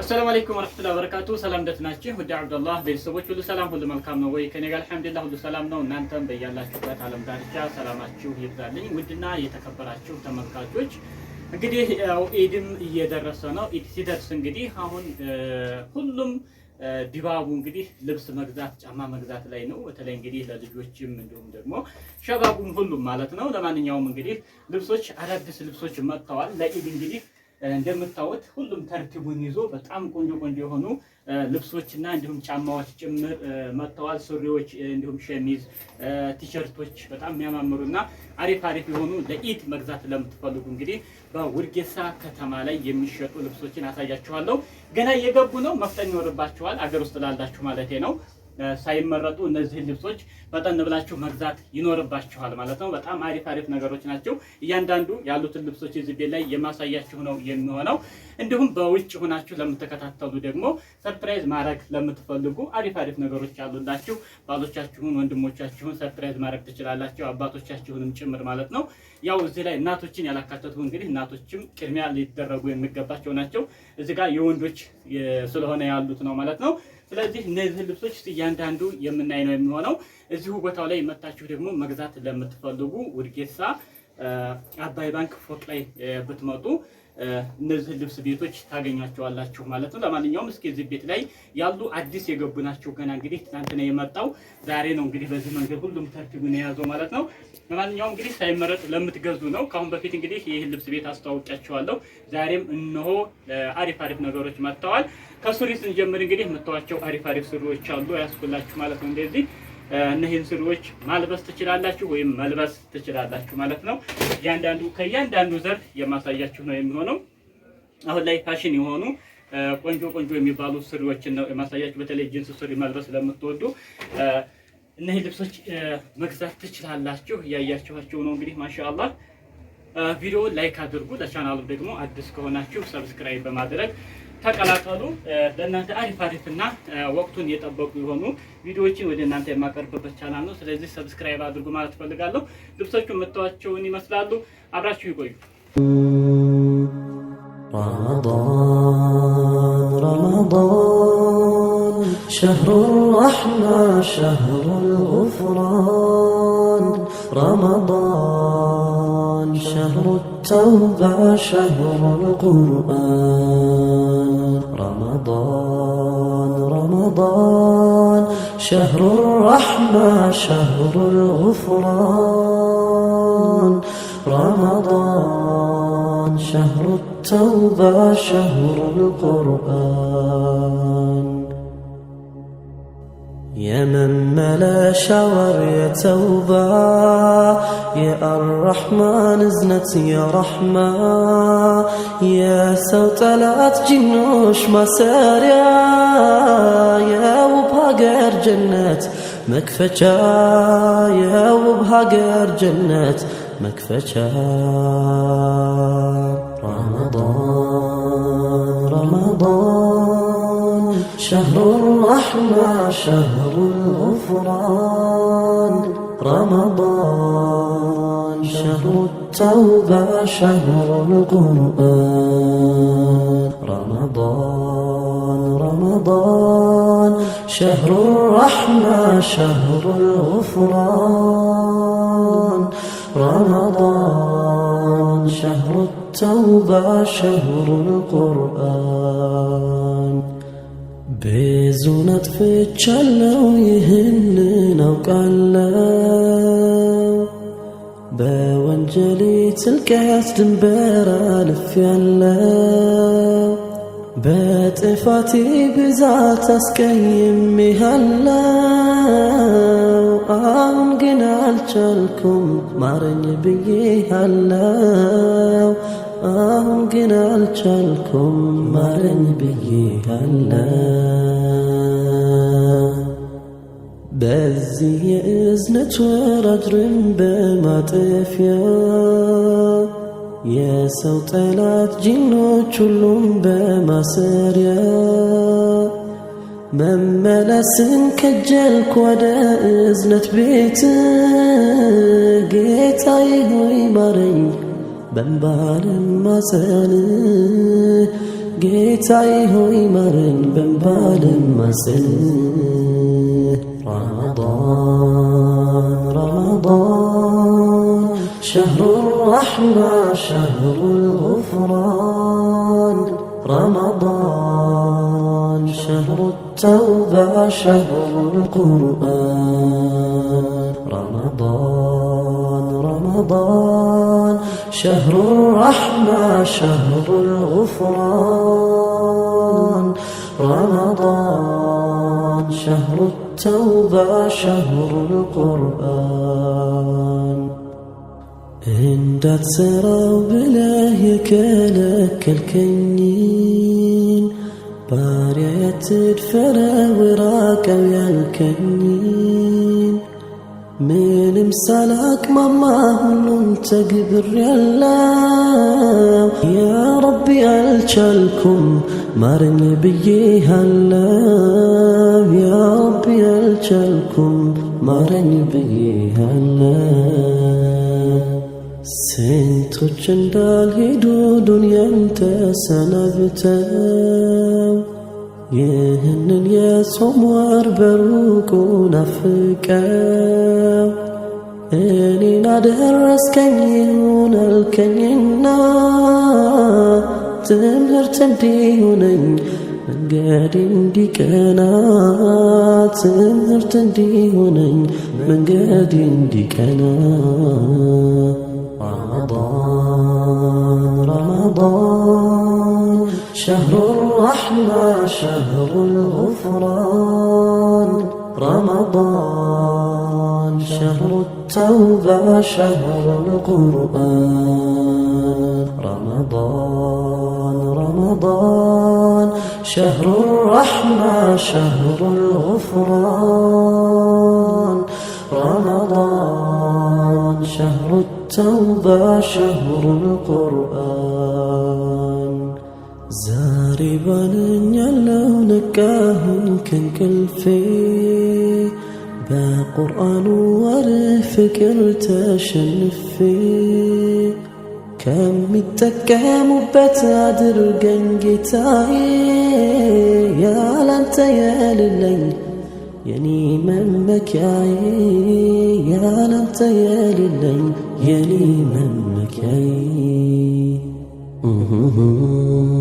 አሰላሙ አለይኩም ወረሕመቱላሂ ወበረካቱ። ሰላም ደህና ናችሁ? ውድ አብዱላህ ቤተሰቦች ሁሉ ሰላም ሁሉ መልካም ነው ወይ? ከኔ ጋር አልሐምዱሊላህ ሁሉ ሰላም ነው። እናንተም በያላችሁበት አለም ዳርቻ ሰላማችሁ ይብዛልኝ። ውድና የተከበራችሁ ተመልካቾች እንግዲህ ያው ኢድም እየደረሰ ነው። ኢድ ሲደርስ እንግዲህ አሁን ሁሉም ዲባቡ እንግዲህ ልብስ መግዛት ጫማ መግዛት ላይ ነው። በተለይ እንግዲህ ለልጆችም እንዲሁም ደግሞ ሸባቡም ሁሉም ማለት ነው። ለማንኛውም እንግዲህ ልብሶች አዳዲስ ልብሶች መጥተዋል ለኢድ እንግዲህ እንደምታዩት ሁሉም ተርቲቡን ይዞ በጣም ቆንጆ ቆንጆ የሆኑ ልብሶችና እንዲሁም ጫማዎች ጭምር መጥተዋል። ሱሪዎች፣ እንዲሁም ሸሚዝ፣ ቲሸርቶች በጣም የሚያማምሩና አሪፍ አሪፍ የሆኑ ለኢድ መግዛት ለምትፈልጉ እንግዲህ በውርጌሳ ከተማ ላይ የሚሸጡ ልብሶችን አሳያችኋለሁ። ገና እየገቡ ነው፣ መፍጠን ይኖርባችኋል። አገር ውስጥ ላላችሁ ማለት ነው። ሳይመረጡ እነዚህን ልብሶች ፈጠን ብላችሁ መግዛት ይኖርባችኋል ማለት ነው። በጣም አሪፍ አሪፍ ነገሮች ናቸው። እያንዳንዱ ያሉትን ልብሶች እዚህ ቤት ላይ የማሳያችሁ ነው የሚሆነው። እንዲሁም በውጭ ሆናችሁ ለምትከታተሉ ደግሞ ሰርፕራይዝ ማድረግ ለምትፈልጉ አሪፍ አሪፍ ነገሮች ያሉላችሁ፣ ባሎቻችሁን፣ ወንድሞቻችሁን ሰርፕራይዝ ማድረግ ትችላላችሁ። አባቶቻችሁንም ጭምር ማለት ነው። ያው እዚህ ላይ እናቶችን ያላካተቱ እንግዲህ እናቶችም ቅድሚያ ሊደረጉ የሚገባቸው ናቸው። እዚህ ጋር የወንዶች ስለሆነ ያሉት ነው ማለት ነው። ስለዚህ እነዚህ ልብሶች እስቲ እያንዳንዱ የምናይ ነው የሚሆነው። እዚሁ ቦታው ላይ መታችሁ ደግሞ መግዛት ለምትፈልጉ ውድጌሳ አባይ ባንክ ፎቅ ላይ ብትመጡ እነዚህ ልብስ ቤቶች ታገኛቸዋላችሁ ማለት ነው። ለማንኛውም እስኪ እዚህ ቤት ላይ ያሉ አዲስ የገቡ ናቸው። ገና እንግዲህ ትናንትና የመጣው ዛሬ ነው እንግዲህ በዚህ መንገድ ሁሉም ተርቲቡን የያዘው ማለት ነው። ለማንኛውም እንግዲህ ሳይመረጥ ለምትገዙ ነው። ከአሁን በፊት እንግዲህ ይህ ልብስ ቤት አስተዋውቂያቸዋለሁ። ዛሬም እነሆ አሪፍ አሪፍ ነገሮች መጥተዋል። ከሱሪ ስንጀምር እንግዲህ የምታዋቸው አሪፍ አሪፍ ሱሪዎች አሉ ያስኩላችሁ ማለት ነው እንደዚህ እነዚህን ስሪዎች ማልበስ ትችላላችሁ ወይም መልበስ ትችላላችሁ ማለት ነው። እያንዳንዱ ከእያንዳንዱ ዘር የማሳያችሁ ነው የሚሆነው። አሁን ላይ ፋሽን የሆኑ ቆንጆ ቆንጆ የሚባሉ ስሪዎችን ነው የማሳያችሁ። በተለይ ጂንስ ስሪ መልበስ ለምትወዱ እነዚህ ልብሶች መግዛት ትችላላችሁ። እያያችኋቸው ነው እንግዲህ ማሻአላ ቪዲዮ ላይክ አድርጉ። ለቻናሉ ደግሞ አዲስ ከሆናችሁ ሰብስክራይብ በማድረግ ተቀላቀሉ። ለእናንተ አሪፍ አሪፍ እና ወቅቱን የጠበቁ የሆኑ ቪዲዮዎችን ወደ እናንተ የማቀርብበት ቻናል ነው። ስለዚህ ሰብስክራይብ አድርጉ ማለት ፈልጋለሁ። ልብሶቹ የምታዋቸውን ይመስላሉ። አብራችሁ ይቆዩ። شهر الرحمة شهر الغفران رمضان شهر التوبة شهر القرآن رمضان رمضان شهر الرحمة شهر الغفران رمضان شهر التوبة شهر القرآن يا من ملا شاور يا توبة يا الرحمن زنت يا رحمة يا سوت لا تجنوش مسار يا وبهاجر جنة مكفجا يا وبهاجر جنة مكفجا رمضان رمضان شهر الرحمة شهر الغفران رمضان شهر التوبة شهر القرآن رمضان رمضان شهر الرحمة شهر الغفران رمضان شهر التوبة شهر القرآن ብዙ ነጥፍቻለሁ ይህን አውቃለሁ በወንጀሌ ጥልቀት ድንበር አልፌያለሁ በጥፋቴ ብዛት አስቀይሜሃለሁ አሁን ግን አልቻልኩም ማረኝ ብዬ ብዬሃለሁ አሁን ግን አልቻልኩም ማረኝ ብዬ አለ በዚህ የእዝነት ወራጅርን በማጠፊያ የሰው ጠላት ጂኖች ሁሉም በማሰሪያ መመለስን ከጀልኩ ወደ እዝነት ቤት ጌታዬ ሆይ ማረኝ በንባልም ማሰን ጌታይ ሆይ ማረን በንባልም ማሰን رمضان رمضان شهر الرحمة شهر الغفران رمضان شهر التوبة شهر القرآن رمضان رمضان شهر الرحمة شهر الغفران رمضان شهر التوبة شهر القرآن عند تسرى بلاه كلك الكنين بارية تدفر وراك ويا الكنين ምንም ሳላቅማማ ሁሉን ተግብሬያለሁ። ያ ረቢ አልቻልኩም ማረኝ ብዬ ያ ረቢ አልቻልኩም ማረኝ ብዬሃለሁ። ስንቶች እንዳልሄዱ ዱንያን ተሰናብተን ይህንን የጾም ወር በሩቁ ናፍቀው እኔን አደረስከኝ ይሁን አልከኝና ትምህርት እንዲሆነኝ መንገድ እንዲቀና ትምህርት እንዲሆነኝ መንገድ እንዲቀና شهر الرحمة شهر الغفران رمضان شهر التوبة شهر القرآن رمضان رمضان شهر الرحمة شهر الغفران رمضان شهر التوبة شهر القرآن زاري بان يلو نكاهن كن كلفي با قرآن والفكر تشنفي كم التكام بتا درقن قتاي يا لانت يا لليل يني من مكاي يا لانت يا لليل يني من مكاي Mm-hmm.